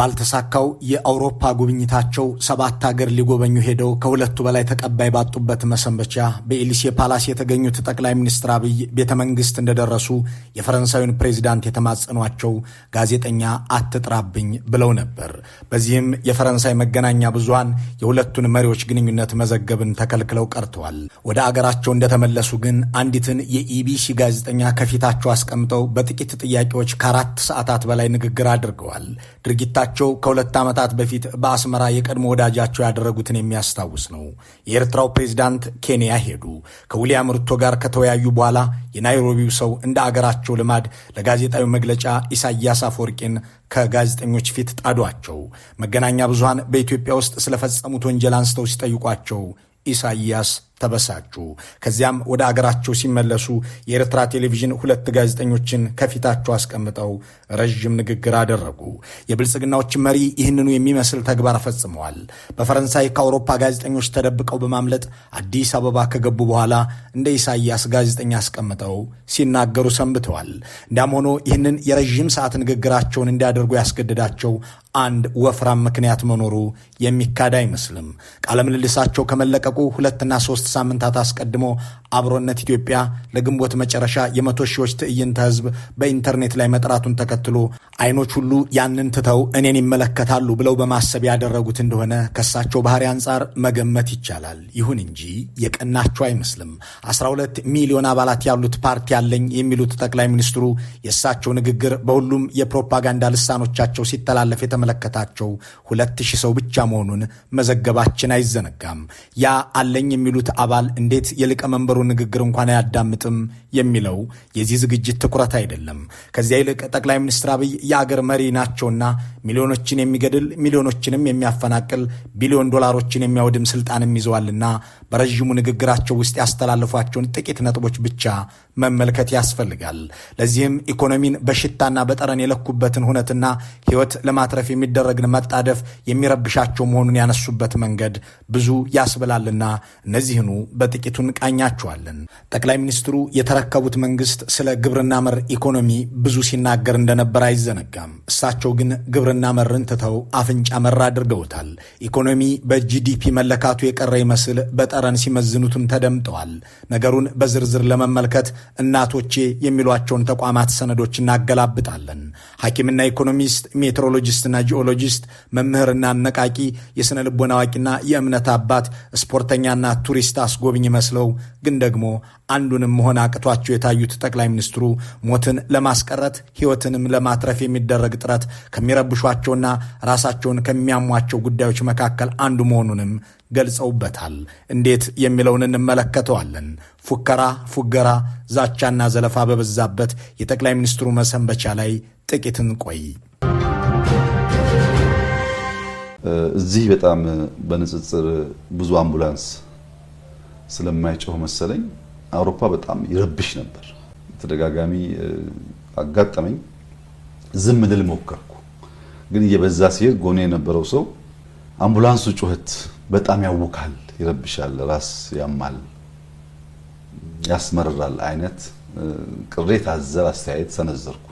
ባልተሳካው የአውሮፓ ጉብኝታቸው ሰባት ሀገር ሊጎበኙ ሄደው ከሁለቱ በላይ ተቀባይ ባጡበት መሰንበቻ በኤሊሴ ፓላስ የተገኙት ጠቅላይ ሚኒስትር አብይ ቤተ መንግስት እንደደረሱ የፈረንሳዩን ፕሬዚዳንት የተማጸኗቸው ጋዜጠኛ አትጥራብኝ ብለው ነበር። በዚህም የፈረንሳይ መገናኛ ብዙሃን የሁለቱን መሪዎች ግንኙነት መዘገብን ተከልክለው ቀርተዋል። ወደ አገራቸው እንደተመለሱ ግን አንዲትን የኢቢሲ ጋዜጠኛ ከፊታቸው አስቀምጠው በጥቂት ጥያቄዎች ከአራት ሰዓታት በላይ ንግግር አድርገዋል። ድርጊታ ውይይታቸው ከሁለት ዓመታት በፊት በአስመራ የቀድሞ ወዳጃቸው ያደረጉትን የሚያስታውስ ነው። የኤርትራው ፕሬዚዳንት ኬንያ ሄዱ። ከዊልያም ሩቶ ጋር ከተወያዩ በኋላ የናይሮቢው ሰው እንደ አገራቸው ልማድ ለጋዜጣዊ መግለጫ ኢሳያስ አፈወርቂን ከጋዜጠኞች ፊት ጣዷቸው። መገናኛ ብዙሃን በኢትዮጵያ ውስጥ ስለፈጸሙት ወንጀል አንስተው ሲጠይቋቸው ኢሳያስ ተበሳጩ። ከዚያም ወደ አገራቸው ሲመለሱ የኤርትራ ቴሌቪዥን ሁለት ጋዜጠኞችን ከፊታቸው አስቀምጠው ረዥም ንግግር አደረጉ። የብልጽግናዎች መሪ ይህንኑ የሚመስል ተግባር ፈጽመዋል። በፈረንሳይ ከአውሮፓ ጋዜጠኞች ተደብቀው በማምለጥ አዲስ አበባ ከገቡ በኋላ እንደ ኢሳይያስ ጋዜጠኛ አስቀምጠው ሲናገሩ ሰንብተዋል። እንዲያም ሆኖ ይህንን የረዥም ሰዓት ንግግራቸውን እንዲያደርጉ ያስገደዳቸው አንድ ወፍራም ምክንያት መኖሩ የሚካድ አይመስልም። ቃለምልልሳቸው ከመለቀቁ ሁለትና ሶስት ሳምንታት አስቀድሞ አብሮነት ኢትዮጵያ ለግንቦት መጨረሻ የመቶ ሺዎች ትዕይንተ ህዝብ በኢንተርኔት ላይ መጥራቱን ተከትሎ አይኖች ሁሉ ያንን ትተው እኔን ይመለከታሉ ብለው በማሰብ ያደረጉት እንደሆነ ከሳቸው ባህሪ አንጻር መገመት ይቻላል። ይሁን እንጂ የቀናቸው አይመስልም። 12 ሚሊዮን አባላት ያሉት ፓርቲ አለኝ የሚሉት ጠቅላይ ሚኒስትሩ የእሳቸው ንግግር በሁሉም የፕሮፓጋንዳ ልሳኖቻቸው ሲተላለፍ የተመለከታቸው ሁለት ሺህ ሰው ብቻ መሆኑን መዘገባችን አይዘነጋም። ያ አለኝ የሚሉት አባል እንዴት የሊቀመንበሩ ንግግር እንኳን አያዳምጥም የሚለው የዚህ ዝግጅት ትኩረት አይደለም። ከዚያ ይልቅ ጠቅላይ ሚኒስትር አብይ የአገር መሪ ናቸውና ሚሊዮኖችን የሚገድል ሚሊዮኖችንም የሚያፈናቅል ቢሊዮን ዶላሮችን የሚያወድም ስልጣንም ይዘዋልና በረዥሙ ንግግራቸው ውስጥ ያስተላለፏቸውን ጥቂት ነጥቦች ብቻ መመልከት ያስፈልጋል። ለዚህም ኢኮኖሚን በሽታና በጠረን የለኩበትን ሁነትና ሕይወት ለማትረፍ የሚደረግን መጣደፍ የሚረብሻቸው መሆኑን ያነሱበት መንገድ ብዙ ያስብላልና እነዚህኑ መሆኑ በጥቂቱ እንቃኛቸዋለን። ጠቅላይ ሚኒስትሩ የተረከቡት መንግስት ስለ ግብርና መር ኢኮኖሚ ብዙ ሲናገር እንደነበር አይዘነጋም። እሳቸው ግን ግብርና መርን ትተው አፍንጫ መር አድርገውታል። ኢኮኖሚ በጂዲፒ መለካቱ የቀረ ይመስል በጠረን ሲመዝኑትም ተደምጠዋል። ነገሩን በዝርዝር ለመመልከት እናቶቼ የሚሏቸውን ተቋማት ሰነዶች እናገላብጣለን። ሐኪምና ኢኮኖሚስት፣ ሜትሮሎጂስትና ጂኦሎጂስት፣ መምህርና አነቃቂ፣ የሥነ ልቦና አዋቂና የእምነት አባት፣ ስፖርተኛና ቱሪስት የምታስጎብኝ መስለው ግን ደግሞ አንዱንም መሆን አቅቷቸው የታዩት ጠቅላይ ሚኒስትሩ ሞትን ለማስቀረት ሕይወትንም ለማትረፍ የሚደረግ ጥረት ከሚረብሿቸውና ራሳቸውን ከሚያሟቸው ጉዳዮች መካከል አንዱ መሆኑንም ገልጸውበታል። እንዴት የሚለውን እንመለከተዋለን። ፉከራ፣ ፉገራ፣ ዛቻና ዘለፋ በበዛበት የጠቅላይ ሚኒስትሩ መሰንበቻ ላይ ጥቂትን ቆይ እዚህ በጣም በንጽጽር ብዙ አምቡላንስ ስለማይጮህ መሰለኝ አውሮፓ በጣም ይረብሽ ነበር። ተደጋጋሚ አጋጠመኝ። ዝም ልል ሞከርኩ፣ ግን እየበዛ ሲሄድ ጎኔ የነበረው ሰው አምቡላንሱ ጩኸት በጣም ያውካል፣ ይረብሻል፣ ራስ ያማል፣ ያስመርራል አይነት ቅሬታ አዘል አስተያየት ሰነዘርኩ።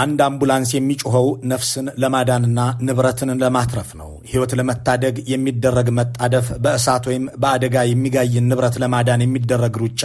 አንድ አምቡላንስ የሚጮኸው ነፍስን ለማዳንና ንብረትን ለማትረፍ ነው። ሕይወት ለመታደግ የሚደረግ መጣደፍ፣ በእሳት ወይም በአደጋ የሚጋይን ንብረት ለማዳን የሚደረግ ሩጫ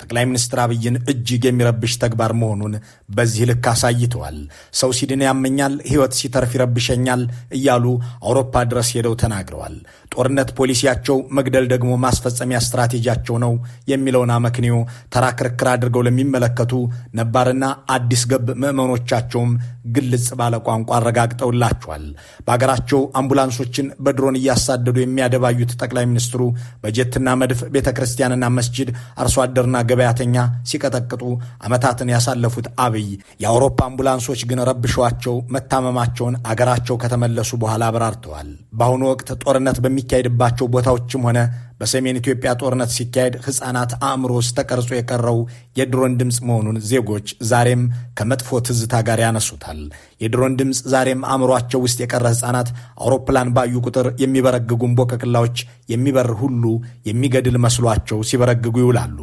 ጠቅላይ ሚኒስትር አብይን እጅግ የሚረብሽ ተግባር መሆኑን በዚህ ልክ አሳይተዋል። ሰው ሲድን ያመኛል፣ ሕይወት ሲተርፍ ይረብሸኛል እያሉ አውሮፓ ድረስ ሄደው ተናግረዋል። ጦርነት ፖሊሲያቸው፣ መግደል ደግሞ ማስፈጸሚያ ስትራቴጂያቸው ነው የሚለውን አመክንዮ ተራ ክርክር አድርገው ለሚመለከቱ ነባርና አዲስ ገብ ምዕመኖቻቸውም ግልጽ ባለ ቋንቋ አረጋግጠውላቸዋል። በአገራቸው አምቡላንሶችን በድሮን እያሳደዱ የሚያደባዩት ጠቅላይ ሚኒስትሩ በጀትና መድፍ ቤተ ክርስቲያንና መስጂድ አርሶ አደርና ገበያተኛ ሲቀጠቅጡ ዓመታትን ያሳለፉት አብይ የአውሮፓ አምቡላንሶች ግን ረብሸዋቸው መታመማቸውን አገራቸው ከተመለሱ በኋላ አብራርተዋል። በአሁኑ ወቅት ጦርነት በሚካሄድባቸው ቦታዎችም ሆነ በሰሜን ኢትዮጵያ ጦርነት ሲካሄድ ሕፃናት አእምሮ ውስጥ ተቀርጾ የቀረው የድሮን ድምፅ መሆኑን ዜጎች ዛሬም ከመጥፎ ትዝታ ጋር ያነሱታል። የድሮን ድምፅ ዛሬም አእምሯቸው ውስጥ የቀረ ሕፃናት አውሮፕላን ባዩ ቁጥር የሚበረግጉን ቦቀቅላዎች የሚበር ሁሉ የሚገድል መስሏቸው ሲበረግጉ ይውላሉ።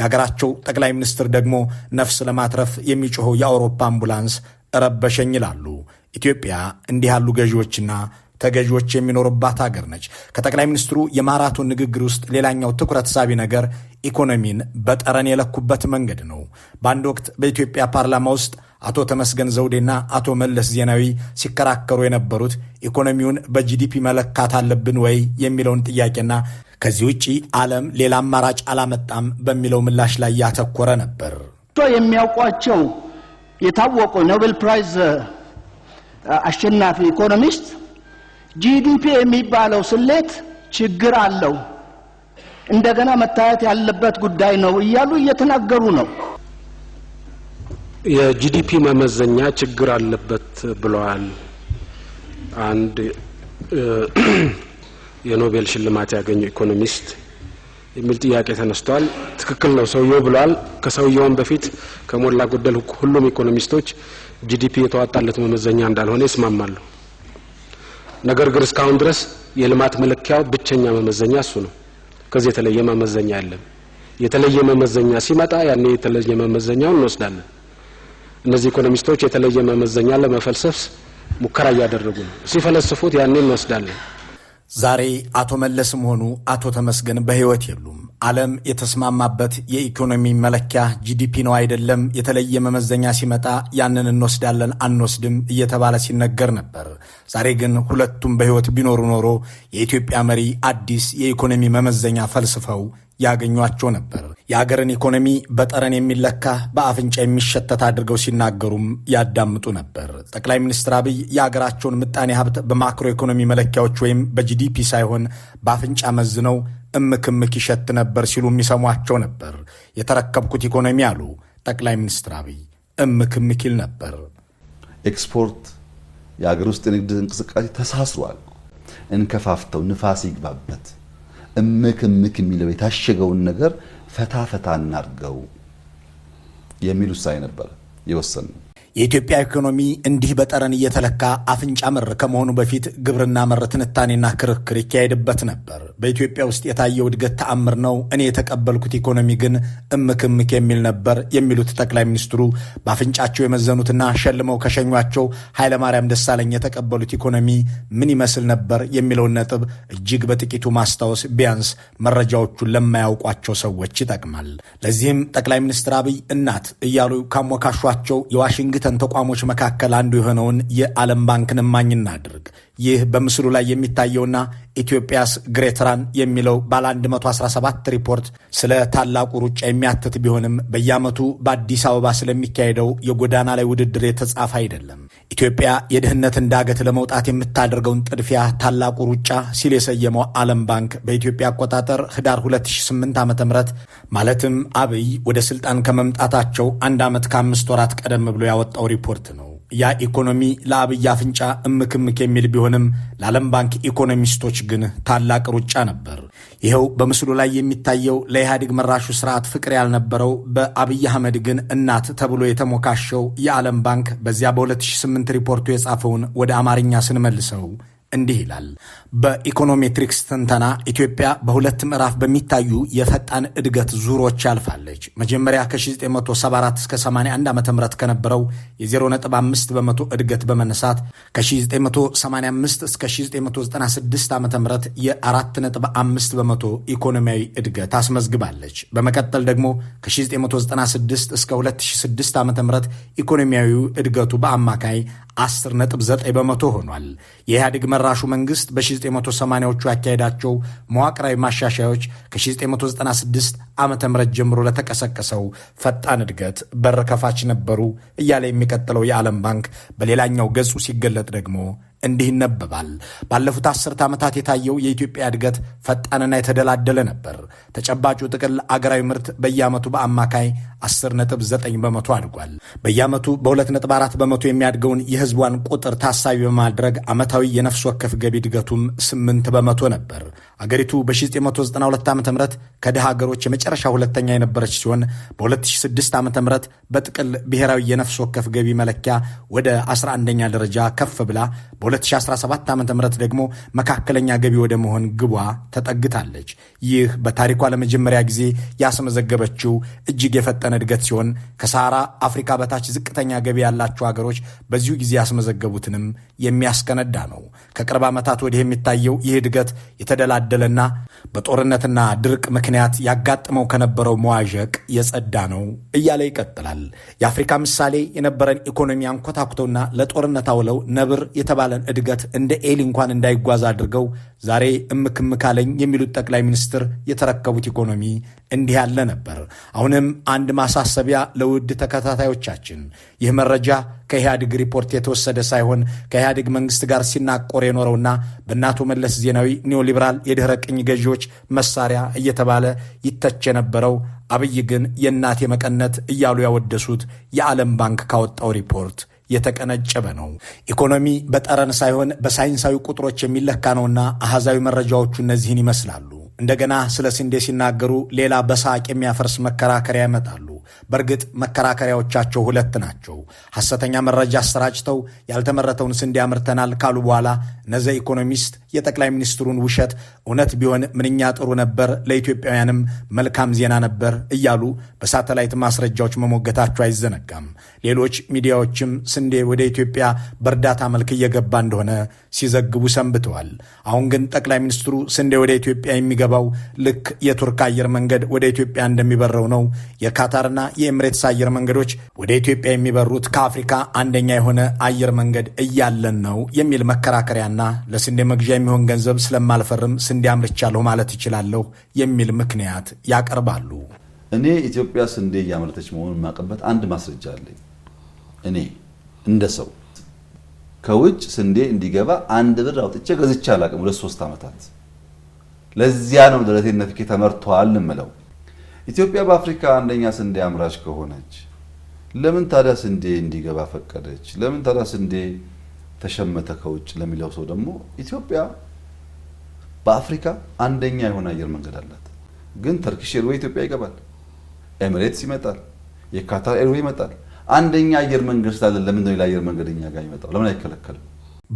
የሀገራቸው ጠቅላይ ሚኒስትር ደግሞ ነፍስ ለማትረፍ የሚጮኸው የአውሮፓ አምቡላንስ ረበሸኝ ይላሉ። ኢትዮጵያ እንዲህ ያሉ ገዢዎችና ተገዢዎች የሚኖሩባት ሀገር ነች። ከጠቅላይ ሚኒስትሩ የማራቶን ንግግር ውስጥ ሌላኛው ትኩረት ሳቢ ነገር ኢኮኖሚን በጠረን የለኩበት መንገድ ነው። በአንድ ወቅት በኢትዮጵያ ፓርላማ ውስጥ አቶ ተመስገን ዘውዴና አቶ መለስ ዜናዊ ሲከራከሩ የነበሩት ኢኮኖሚውን በጂዲፒ መለካት አለብን ወይ የሚለውን ጥያቄና ከዚህ ውጪ ዓለም ሌላ አማራጭ አላመጣም በሚለው ምላሽ ላይ ያተኮረ ነበር። የሚያውቋቸው የታወቁ ኖቤል ፕራይዝ አሸናፊ ኢኮኖሚስት ጂዲፒ የሚባለው ስሌት ችግር አለው እንደገና መታየት ያለበት ጉዳይ ነው እያሉ እየተናገሩ ነው። የጂዲፒ መመዘኛ ችግር አለበት ብለዋል አንድ የኖቤል ሽልማት ያገኙ ኢኮኖሚስት የሚል ጥያቄ ተነስቷል። ትክክል ነው ሰውየው ብለዋል። ከሰውየውን በፊት ከሞላ ጎደል ሁሉም ኢኮኖሚስቶች ጂዲፒ የተዋጣለት መመዘኛ እንዳልሆነ ይስማማሉ። ነገር ግን እስካሁን ድረስ የልማት መለኪያው ብቸኛ መመዘኛ እሱ ነው። ከዚህ የተለየ መመዘኛ የለም። የተለየ መመዘኛ ሲመጣ ያኔ የተለየ መመዘኛውን እንወስዳለን። እነዚህ ኢኮኖሚስቶች የተለየ መመዘኛ ለመፈልሰፍ ሙከራ እያደረጉ ነው። ሲፈለስፉት ያኔ እንወስዳለን። ዛሬ አቶ መለስም ሆኑ አቶ ተመስገን በሕይወት የሉም። ዓለም የተስማማበት የኢኮኖሚ መለኪያ ጂዲፒ ነው አይደለም? የተለየ መመዘኛ ሲመጣ ያንን እንወስዳለን አንወስድም እየተባለ ሲነገር ነበር። ዛሬ ግን ሁለቱም በሕይወት ቢኖሩ ኖሮ የኢትዮጵያ መሪ አዲስ የኢኮኖሚ መመዘኛ ፈልስፈው ያገኟቸው ነበር። የአገርን ኢኮኖሚ በጠረን የሚለካ በአፍንጫ የሚሸተት አድርገው ሲናገሩም ያዳምጡ ነበር። ጠቅላይ ሚኒስትር አብይ የአገራቸውን ምጣኔ ሀብት በማክሮ ኢኮኖሚ መለኪያዎች ወይም በጂዲፒ ሳይሆን በአፍንጫ መዝነው እምክምክ ይሸት ነበር ሲሉ የሚሰሟቸው ነበር። የተረከብኩት ኢኮኖሚ አሉ ጠቅላይ ሚኒስትር አብይ እምክምክ ይል ነበር። ኤክስፖርት፣ የአገር ውስጥ የንግድ እንቅስቃሴ ተሳስሯል። እንከፋፍተው፣ ንፋስ ይግባበት እምክ እምክ የሚለው የታሸገውን ነገር ፈታ ፈታ እናድርገው የሚል ውሳኔ ነበረ የወሰንነው። የኢትዮጵያ ኢኮኖሚ እንዲህ በጠረን እየተለካ አፍንጫ መር ከመሆኑ በፊት ግብርና መር ትንታኔና ክርክር ይካሄድበት ነበር። በኢትዮጵያ ውስጥ የታየው እድገት ተአምር ነው፣ እኔ የተቀበልኩት ኢኮኖሚ ግን እምክምክ የሚል ነበር የሚሉት ጠቅላይ ሚኒስትሩ በአፍንጫቸው የመዘኑትና ሸልመው ከሸኟቸው ኃይለማርያም ደሳለኝ የተቀበሉት ኢኮኖሚ ምን ይመስል ነበር የሚለውን ነጥብ እጅግ በጥቂቱ ማስታወስ ቢያንስ መረጃዎቹን ለማያውቋቸው ሰዎች ይጠቅማል። ለዚህም ጠቅላይ ሚኒስትር አብይ እናት እያሉ ካሞካሿቸው የዋሽንግተን ተቋሞች መካከል አንዱ የሆነውን የዓለም ባንክን እማኝ እናድርግ። ይህ በምስሉ ላይ የሚታየውና ኢትዮጵያስ ግሬትራን የሚለው ባለ 117 ሪፖርት ስለ ታላቁ ሩጫ የሚያትት ቢሆንም በየዓመቱ በአዲስ አበባ ስለሚካሄደው የጎዳና ላይ ውድድር የተጻፈ አይደለም። ኢትዮጵያ የድህነትን ዳገት ለመውጣት የምታደርገውን ጥድፊያ ታላቁ ሩጫ ሲል የሰየመው ዓለም ባንክ በኢትዮጵያ አቆጣጠር ህዳር 2008 ዓ ም ማለትም አብይ ወደ ስልጣን ከመምጣታቸው አንድ ዓመት ከአምስት ወራት ቀደም ብሎ ያወጣው ሪፖርት ነው። ያ ኢኮኖሚ ለአብይ አፍንጫ እምክምክ የሚል ቢሆንም ለዓለም ባንክ ኢኮኖሚስቶች ግን ታላቅ ሩጫ ነበር። ይኸው በምስሉ ላይ የሚታየው ለኢህአዴግ መራሹ ስርዓት ፍቅር ያልነበረው በአብይ አህመድ ግን እናት ተብሎ የተሞካሸው የዓለም ባንክ በዚያ በ2008 ሪፖርቱ የጻፈውን ወደ አማርኛ ስንመልሰው እንዲህ ይላል። በኢኮኖሜትሪክስ ትንተና ኢትዮጵያ በሁለት ምዕራፍ በሚታዩ የፈጣን እድገት ዙሮች ያልፋለች። መጀመሪያ ከ1974 እስከ 81 ዓ ም ከነበረው የ0.5 በመቶ እድገት በመነሳት ከ1985 እስከ 1996 ዓ ም የ4.5 በመቶ ኢኮኖሚያዊ እድገት አስመዝግባለች። በመቀጠል ደግሞ ከ1996 እስከ 2006 ዓ ም ኢኮኖሚያዊ እድገቱ በአማካይ 10.9 በመቶ ሆኗል። የኢህአዴግ መራሹ መንግስት በ በ1980ዎቹ ያካሄዳቸው መዋቅራዊ ማሻሻያዎች ከ1996 ዓ ም ጀምሮ ለተቀሰቀሰው ፈጣን እድገት በር ከፋች ነበሩ እያለ የሚቀጥለው የዓለም ባንክ በሌላኛው ገጹ ሲገለጥ ደግሞ እንዲህ ይነበባል። ባለፉት አስርተ ዓመታት የታየው የኢትዮጵያ እድገት ፈጣንና የተደላደለ ነበር። ተጨባጩ ጥቅል አገራዊ ምርት በየዓመቱ በአማካይ 10.9 በመቶ አድጓል። በየዓመቱ በ2.4 በመቶ የሚያድገውን የህዝቧን ቁጥር ታሳቢ በማድረግ ዓመታዊ የነፍስ ወከፍ ገቢ እድገቱም 8 በመቶ ነበር። አገሪቱ በ1992 ዓ ም ከድሃ አገሮች የመጨረሻ ሁለተኛ የነበረች ሲሆን በ2006 ዓ ም በጥቅል ብሔራዊ የነፍስ ወከፍ ገቢ መለኪያ ወደ 11ኛ ደረጃ ከፍ ብላ 2017 ዓ ም ደግሞ መካከለኛ ገቢ ወደ መሆን ግቧ ተጠግታለች። ይህ በታሪኳ ለመጀመሪያ ጊዜ ያስመዘገበችው እጅግ የፈጠነ እድገት ሲሆን ከሳራ አፍሪካ በታች ዝቅተኛ ገቢ ያላቸው ሀገሮች በዚሁ ጊዜ ያስመዘገቡትንም የሚያስቀነዳ ነው። ከቅርብ ዓመታት ወዲህ የሚታየው ይህ እድገት የተደላደለና በጦርነትና ድርቅ ምክንያት ያጋጥመው ከነበረው መዋዠቅ የጸዳ ነው እያለ ይቀጥላል። የአፍሪካ ምሳሌ የነበረን ኢኮኖሚ አንኮታኩተውና ለጦርነት አውለው ነብር የተባለ እድገት እንደ ኤሊ እንኳን እንዳይጓዝ አድርገው ዛሬ እምክምካለኝ የሚሉት ጠቅላይ ሚኒስትር የተረከቡት ኢኮኖሚ እንዲህ ያለ ነበር። አሁንም አንድ ማሳሰቢያ ለውድ ተከታታዮቻችን፣ ይህ መረጃ ከኢህአዴግ ሪፖርት የተወሰደ ሳይሆን ከኢህአዴግ መንግስት ጋር ሲናቆር የኖረውና በእናቶ መለስ ዜናዊ ኒዮሊብራል የድኅረ ቅኝ ገዢዎች መሳሪያ እየተባለ ይተች የነበረው አብይ ግን የእናቴ መቀነት እያሉ ያወደሱት የዓለም ባንክ ካወጣው ሪፖርት የተቀነጨበ ነው። ኢኮኖሚ በጠረን ሳይሆን በሳይንሳዊ ቁጥሮች የሚለካ ነውና አሃዛዊ መረጃዎቹ እነዚህን ይመስላሉ። እንደገና ስለ ስንዴ ሲናገሩ ሌላ በሳቅ የሚያፈርስ መከራከሪያ ይመጣሉ በእርግጥ መከራከሪያዎቻቸው ሁለት ናቸው። ሐሰተኛ መረጃ አሰራጭተው ያልተመረተውን ስንዴ አምርተናል ካሉ በኋላ እነዚያ ኢኮኖሚስት የጠቅላይ ሚኒስትሩን ውሸት እውነት ቢሆን ምንኛ ጥሩ ነበር፣ ለኢትዮጵያውያንም መልካም ዜና ነበር እያሉ በሳተላይት ማስረጃዎች መሞገታቸው አይዘነጋም። ሌሎች ሚዲያዎችም ስንዴ ወደ ኢትዮጵያ በእርዳታ መልክ እየገባ እንደሆነ ሲዘግቡ ሰንብተዋል። አሁን ግን ጠቅላይ ሚኒስትሩ ስንዴ ወደ ኢትዮጵያ የሚገ የሚገባው ልክ የቱርክ አየር መንገድ ወደ ኢትዮጵያ እንደሚበረው ነው። የካታርና የኤምሬትስ አየር መንገዶች ወደ ኢትዮጵያ የሚበሩት ከአፍሪካ አንደኛ የሆነ አየር መንገድ እያለን ነው የሚል መከራከሪያና ለስንዴ መግዣ የሚሆን ገንዘብ ስለማልፈርም ስንዴ አምርቻለሁ ማለት እችላለሁ የሚል ምክንያት ያቀርባሉ። እኔ ኢትዮጵያ ስንዴ እያመረተች መሆኑን የማውቅበት አንድ ማስረጃ አለኝ። እኔ እንደ ሰው ከውጭ ስንዴ እንዲገባ አንድ ብር አውጥቼ ገዝቼ አላውቅም። ሁለት ሶስት ዓመታት ለዚያ ነው ደረቴ ተመርቷል እምለው። ኢትዮጵያ በአፍሪካ አንደኛ ስንዴ አምራች ከሆነች ለምን ታዲያ ስንዴ እንዲገባ ፈቀደች? ለምን ታዲያ ስንዴ ተሸመተ ከውጭ ለሚለው ሰው ደግሞ ኢትዮጵያ በአፍሪካ አንደኛ የሆነ አየር መንገድ አላት። ግን ተርኪሽ ኤርዌይ ኢትዮጵያ ይገባል፣ ኤሚሬትስ ይመጣል፣ የካታር ኤርዌይ ይመጣል። አንደኛ አየር መንገድ ስላለ ለምንድን ነው ሌላ አየር መንገድ እኛ ጋር ይመጣው? ለምን አይከለከልም?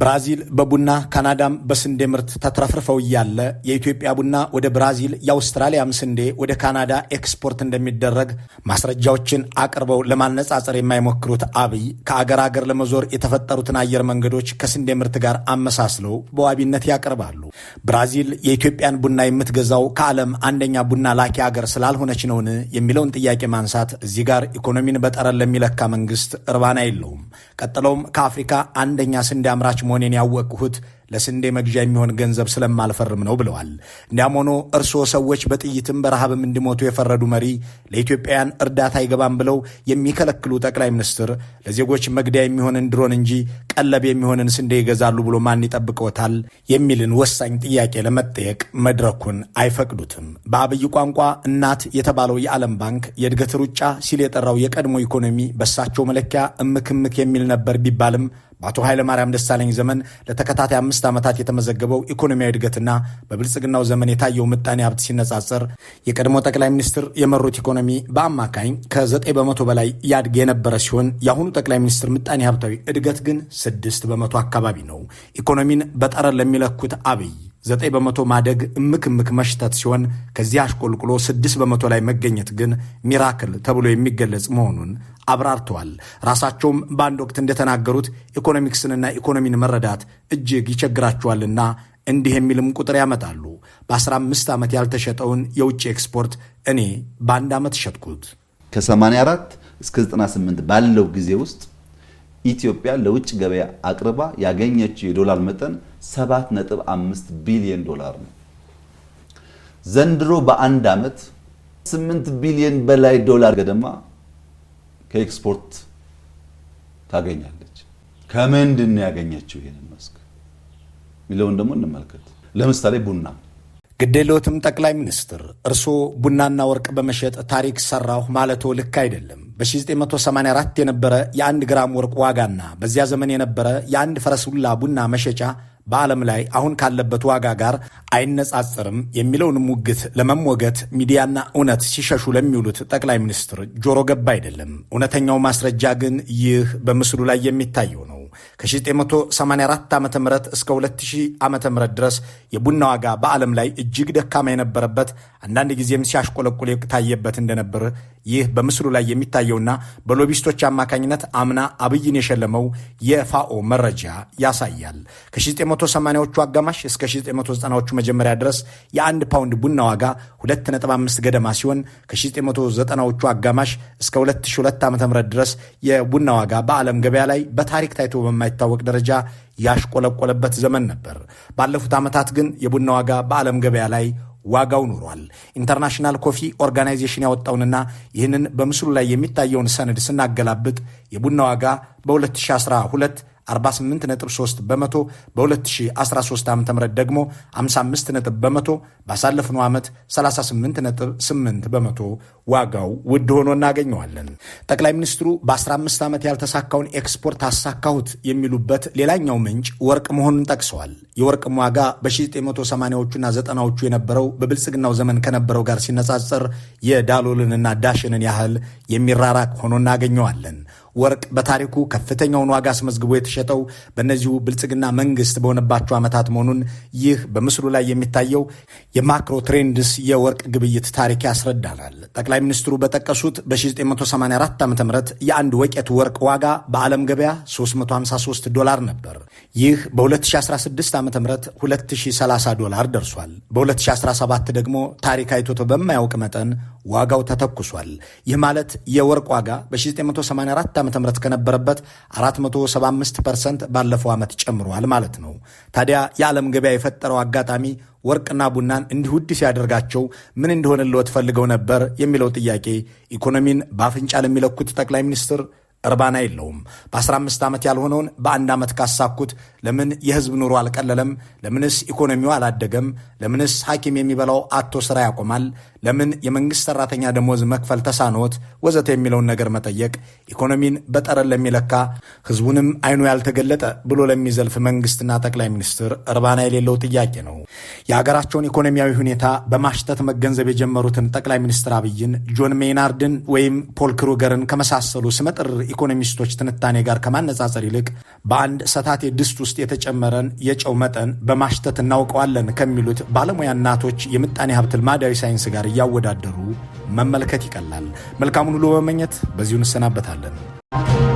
ብራዚል በቡና ካናዳም በስንዴ ምርት ተትረፍርፈው እያለ የኢትዮጵያ ቡና ወደ ብራዚል የአውስትራሊያም ስንዴ ወደ ካናዳ ኤክስፖርት እንደሚደረግ ማስረጃዎችን አቅርበው ለማነጻጸር የማይሞክሩት አብይ ከአገር አገር ለመዞር የተፈጠሩትን አየር መንገዶች ከስንዴ ምርት ጋር አመሳስለው በዋቢነት ያቀርባሉ። ብራዚል የኢትዮጵያን ቡና የምትገዛው ከዓለም አንደኛ ቡና ላኪ አገር ስላልሆነች ነውን የሚለውን ጥያቄ ማንሳት እዚህ ጋር ኢኮኖሚን በጠረን ለሚለካ መንግስት እርባና የለውም። ቀጥለውም ከአፍሪካ አንደኛ ስንዴ አምራች መሆኔን ያወቅሁት ለስንዴ መግዣ የሚሆን ገንዘብ ስለማልፈርም ነው ብለዋል። እንዲያም ሆኖ እርስዎ ሰዎች በጥይትም በረሃብም እንዲሞቱ የፈረዱ መሪ ለኢትዮጵያውያን እርዳታ አይገባም ብለው የሚከለክሉ ጠቅላይ ሚኒስትር ለዜጎች መግደያ የሚሆንን ድሮን እንጂ ቀለብ የሚሆንን ስንዴ ይገዛሉ ብሎ ማን ይጠብቀውታል የሚልን ወሳኝ ጥያቄ ለመጠየቅ መድረኩን አይፈቅዱትም። በአብይ ቋንቋ እናት የተባለው የዓለም ባንክ የእድገት ሩጫ ሲል የጠራው የቀድሞ ኢኮኖሚ በእሳቸው መለኪያ እምክምክ የሚል ነበር ቢባልም በአቶ ኃይለማርያም ደሳለኝ ዘመን ለተከታታይ አምስት ዓመታት የተመዘገበው ኢኮኖሚያዊ እድገትና በብልጽግናው ዘመን የታየው ምጣኔ ሀብት ሲነጻጸር የቀድሞ ጠቅላይ ሚኒስትር የመሩት ኢኮኖሚ በአማካኝ ከ9 በመቶ በላይ ያድግ የነበረ ሲሆን የአሁኑ ጠቅላይ ሚኒስትር ምጣኔ ሀብታዊ እድገት ግን ስድስት በመቶ አካባቢ ነው። ኢኮኖሚን በጠረን ለሚለኩት አብይ 9 በመቶ ማደግ እምክ እምክ መሽተት ሲሆን ከዚህ አሽቆልቁሎ ስድስት በመቶ ላይ መገኘት ግን ሚራክል ተብሎ የሚገለጽ መሆኑን አብራርተዋል። ራሳቸውም በአንድ ወቅት እንደተናገሩት ኢኮኖሚክስንና ኢኮኖሚን መረዳት እጅግ ይቸግራቸዋልና እንዲህ የሚልም ቁጥር ያመጣሉ። በ15 ዓመት ያልተሸጠውን የውጭ ኤክስፖርት እኔ በአንድ ዓመት ሸጥኩት። ከ84 እስከ 98 ባለው ጊዜ ውስጥ ኢትዮጵያ ለውጭ ገበያ አቅርባ ያገኘችው የዶላር መጠን 7.5 ቢሊዮን ዶላር ነው። ዘንድሮ በአንድ ዓመት 8 ቢሊዮን በላይ ዶላር ገደማ ከኤክስፖርት ታገኛለች። ከምንድን ነው ያገኘችው? ይሄንን መስክ የሚለውን ደግሞ እንመልከት። ለምሳሌ ቡና ግዴሎትም ጠቅላይ ሚኒስትር እርስዎ ቡናና ወርቅ በመሸጥ ታሪክ ሰራሁ ማለቶ ልክ አይደለም። በ1984 የነበረ የአንድ ግራም ወርቅ ዋጋና በዚያ ዘመን የነበረ የአንድ ፈረሱላ ቡና መሸጫ በዓለም ላይ አሁን ካለበት ዋጋ ጋር አይነጻጽርም የሚለውንም ሙግት ለመሞገት ሚዲያና እውነት ሲሸሹ ለሚውሉት ጠቅላይ ሚኒስትር ጆሮ ገባ አይደለም። እውነተኛው ማስረጃ ግን ይህ በምስሉ ላይ የሚታየው ነው። ከ1984 ዓ ም እስከ 2000 ዓ ም ድረስ የቡና ዋጋ በዓለም ላይ እጅግ ደካማ የነበረበት አንዳንድ ጊዜም ሲያሽቆለቁል የታየበት እንደነበር ይህ በምስሉ ላይ የሚታየውና በሎቢስቶች አማካኝነት አምና አብይን የሸለመው የፋኦ መረጃ ያሳያል። ከ1980ዎቹ አጋማሽ እስከ 1990ዎቹ መጀመሪያ ድረስ የአንድ ፓውንድ ቡና ዋጋ 2.5 ገደማ ሲሆን ከ1990ዎቹ አጋማሽ እስከ 2002 ዓ ም ድረስ የቡና ዋጋ በዓለም ገበያ ላይ በታሪክ ታይቶ በማይታወቅ ደረጃ ያሽቆለቆለበት ዘመን ነበር። ባለፉት ዓመታት ግን የቡና ዋጋ በዓለም ገበያ ላይ ዋጋው ኑሯል። ኢንተርናሽናል ኮፊ ኦርጋናይዜሽን ያወጣውንና ይህንን በምስሉ ላይ የሚታየውን ሰነድ ስናገላብጥ የቡና ዋጋ በ2012 48.3 በመቶ በ2013 ዓ ም ደግሞ 55 ነጥብ በመቶ ባሳለፍነው ዓመት 38.8 በመቶ ዋጋው ውድ ሆኖ እናገኘዋለን። ጠቅላይ ሚኒስትሩ በ15 ዓመት ያልተሳካውን ኤክስፖርት አሳካሁት የሚሉበት ሌላኛው ምንጭ ወርቅ መሆኑን ጠቅሰዋል። የወርቅም ዋጋ በ1980ዎቹና ዘጠናዎቹ የነበረው በብልጽግናው ዘመን ከነበረው ጋር ሲነጻጸር የዳሎልንና ዳሽንን ያህል የሚራራቅ ሆኖ እናገኘዋለን። ወርቅ በታሪኩ ከፍተኛውን ዋጋ አስመዝግቦ የተሸጠው በእነዚሁ ብልጽግና መንግስት በሆነባቸው ዓመታት መሆኑን ይህ በምስሉ ላይ የሚታየው የማክሮ ትሬንድስ የወርቅ ግብይት ታሪክ ያስረዳናል። ጠቅላይ ሚኒስትሩ በጠቀሱት በ1984 ዓ ም የአንድ ወቄት ወርቅ ዋጋ በዓለም ገበያ 353 ዶላር ነበር። ይህ በ2016 ዓ ም 2030 ዶላር ደርሷል። በ2017 ደግሞ ታሪክ አይቶቶ በማያውቅ መጠን ዋጋው ተተኩሷል። ይህ ማለት የወርቅ ዋጋ በ1984 ዓ ም ከነበረበት 475 ፐርሰንት ባለፈው ዓመት ጨምሯል ማለት ነው። ታዲያ የዓለም ገበያ የፈጠረው አጋጣሚ ወርቅና ቡናን እንዲህ ውድ ሲያደርጋቸው ምን እንደሆነ ልወት ፈልገው ነበር የሚለው ጥያቄ ኢኮኖሚን በአፍንጫ ለሚለኩት ጠቅላይ ሚኒስትር እርባና የለውም። በ15 ዓመት ያልሆነውን በአንድ ዓመት ካሳኩት ለምን የህዝብ ኑሮ አልቀለለም? ለምንስ ኢኮኖሚው አላደገም? ለምንስ ሐኪም የሚበላው አቶ ስራ ያቆማል? ለምን የመንግሥት ሠራተኛ ደሞዝ መክፈል ተሳኖት? ወዘተ የሚለውን ነገር መጠየቅ ኢኮኖሚን በጠረን ለሚለካ ህዝቡንም አይኑ ያልተገለጠ ብሎ ለሚዘልፍ መንግስትና ጠቅላይ ሚኒስትር እርባና የሌለው ጥያቄ ነው። የሀገራቸውን ኢኮኖሚያዊ ሁኔታ በማሽተት መገንዘብ የጀመሩትን ጠቅላይ ሚኒስትር አብይን ጆን ሜይናርድን ወይም ፖል ክሩገርን ከመሳሰሉ ስመጥር ኢኮኖሚስቶች ትንታኔ ጋር ከማነጻጸር ይልቅ በአንድ ሰታቴ ድስት ውስጥ ውስጥ የተጨመረን የጨው መጠን በማሽተት እናውቀዋለን ከሚሉት ባለሙያ እናቶች የምጣኔ ሀብት ልማዳዊ ሳይንስ ጋር እያወዳደሩ መመልከት ይቀላል። መልካሙን ሁሉ በመመኘት በዚሁ እንሰናበታለን።